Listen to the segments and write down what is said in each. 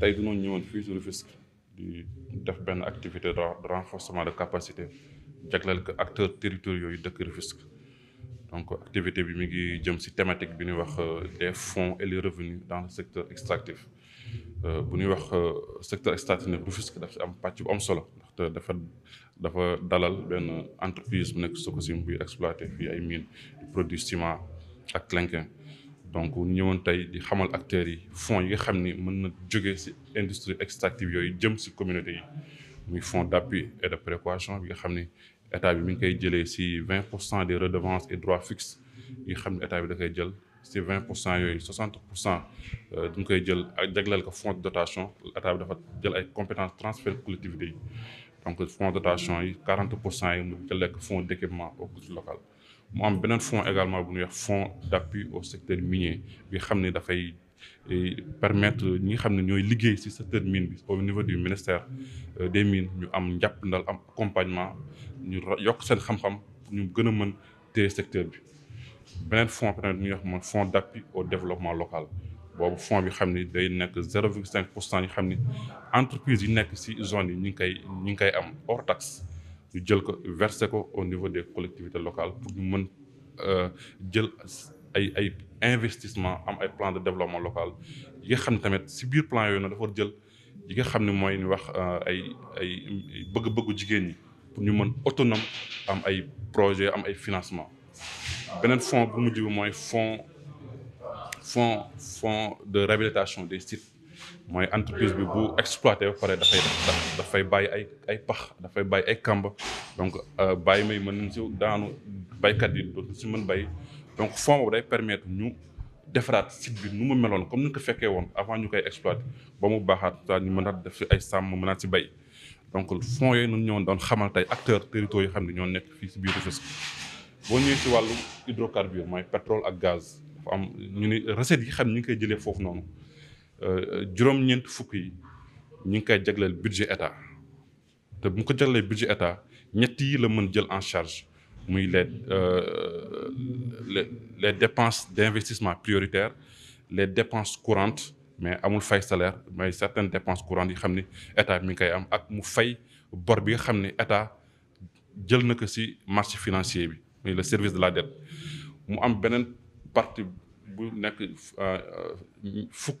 tey du ñu ñëwoon fii si Rufisque di def benn activité de renforcement de capacité jagleel ko acteurs territoriaux yu dëkk risque donc activité bi mi ngi jëm si thématique bi ñuy wax euh, des fonds et les revenus dans le secteur extractif euh, bu ñuy wax euh, secteur extractif nag Rufisque daf si am pàcc bu am solo ndaxte dafa dafa dalal benn entreprise bu nekk Sococim buy exploité fii ay mines di produit ciment ak clinker donc ñu won tay acteurs fonds yi extractive communauté fonds d'appui et de précaution bi des redevances et droits fixes yi xamni état bi da fonds de dotation état bi jël ay compétences transfert collectivité yi donc fonds de dotation yi 40% fonds local mu am beneen fonds également bu ñuy wax fonds d'appui au secteur minier bi xam ne dafay eh, permettre ñi nga xam ne ñooy liggéey ci secteur mine bi au niveau du ministère euh, des mines ñu am njàpp ndal am accompagnement ñu yokk seen xam-xam ñu gën a mën téye secteur bi beneen fonds peut-être ñuy wax mooy fonds d'appui au développement local boobu fonds bi xam ni day nekk 0,5 virgule cinq pour cent yi xam ni entreprise yi nekk ci zone yi ñu ngi koy ñu ngi koy am hors taxe ñu jël ko versé ko au niveau des collectivités locales pour ñu mën euh, jël ay ay investissement am ay plan de développement local yi nga xam ne tamit si biir plan yooyu nag dafa war jël yi nga xam ne mooy ñu wax euh, ay ay bëgg-bëggu jigéen ñi pour ñu mën autonome am ay projet am ay financement beneen fonds bu mujj bi mooy fonds fonds fonds de réhabilitation des sites mooy entreprise bi bu exploité ba pare dafay dafay bàyyi ay ay pax dafay bàyyi ay kàmb donc euh, bàyyi may mën nañ si daanu baykat yi dootu si mën bay donc fond day permettre ñu defaraat site bi nu mu meloon comme ni ko fekkee woon avant ñu koy exploité ba mu baaxaat daal ñu mën a def si ay sàmm mënaat si bay donc fonds yooyu ñun ñoo doon xamal tey acteurs territoriaux xam ne ñoo nekk fii si biir si boo ñëwee si wàllu hydrocarbure mooy pétrole ak gaz dafa am ñu ni recettes yi xam ne ñu ngi koy jëlee foofu noonu juróom-ñeent fukk yi ñu ngi koy budget état te bu ko jaglee budget état ñett yi la mën jël en charge muy les euh, les les dépenses d'investissement prioritaires les dépenses courantes mais amul fay salaire mais certaines dépenses courantes yi xam ne état mi ngi koy am ak mu fay bor bi nga xam état jël na ko ci marché financier bi muy le service de la dette mu am beneen partie bu nekk euh, fukk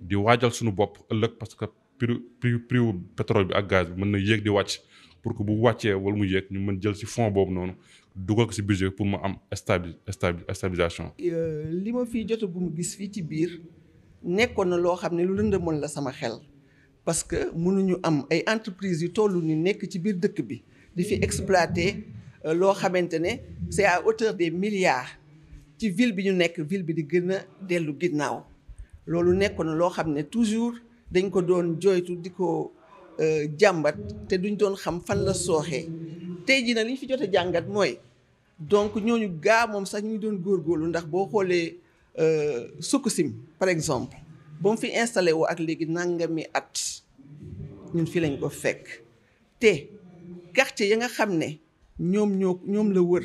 di waajal suñu bopp ëllëg parce que prix prix pétrole bi ak gaz bi mën na yéeg di wàcc pour que bu wàccee wala mu yéeg ñu mën jël ci fonds boobu noonu dugal ko ci budget pour mu am stabi stabilisation. Euh, li ma fi jot bu mu gis fii ci biir nekkoon na loo xam ne lu lëndëmoon la sama xel parce que mënuñu am ay entreprises yu toll ni nekk ci biir dëkk bi di fi exploiter euh, loo xamante ne c'est à hauteur des milliards ci ville bi ñu nekk ville bi di gën a dellu ginnaaw. loolu nekkoon loo xam ne toujours dañ ko doon joytu di ko euh, jàmbat te duñ doon xam fan la sooxee tey jii na li fi jot jàngat mooy donc ñooñu gaa moom sax ñu doon góor góorlu ndax boo xoolee euh, Sococim par exemple ba mu fi installé woo ak léegi mi at ñun fi lañ ko fekk te quartier ya nga xam ne ñoom ñoo ñoom la wër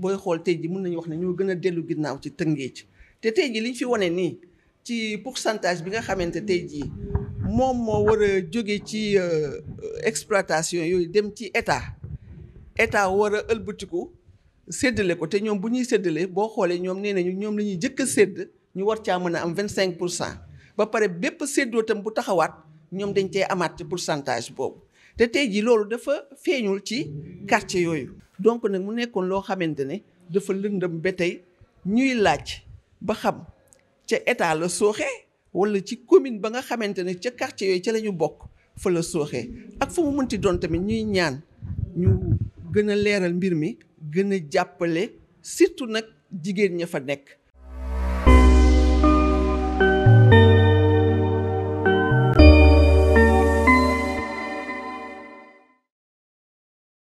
booy xool tey ji mën nañu wax ne ñoo gën a dellu ginnaaw ci Tëngéej te tey ji liñ fi wane nii ci pourcentage bi nga xamante tey a un ci euh, exploitation yooyu dem ci état état war a ëlbatiku ko te ñoom bu ñuy séddale boo xoolee ñoom nee nañu la jëkk a sédd ñu war caa mën a am 25% pour ba pare bépp séddoo tam bu taxawaat ñoom dañ c'est amaat pourcentage boobu te tey un loolu dafa feeñul ci quartier donc nag mu nekkoon loo xamante dafa lëndëm ba ba xam. ca état la sooxee wala ci commune ba nga xamante ne ca quartier yooyu ca lañu ñu bokk fa la sooxee ak fu mu mënti doon tamit ñuy ñaan ñu gën a leeral mbir mi gën a jàppale surtout nag jigéen ña fa nekk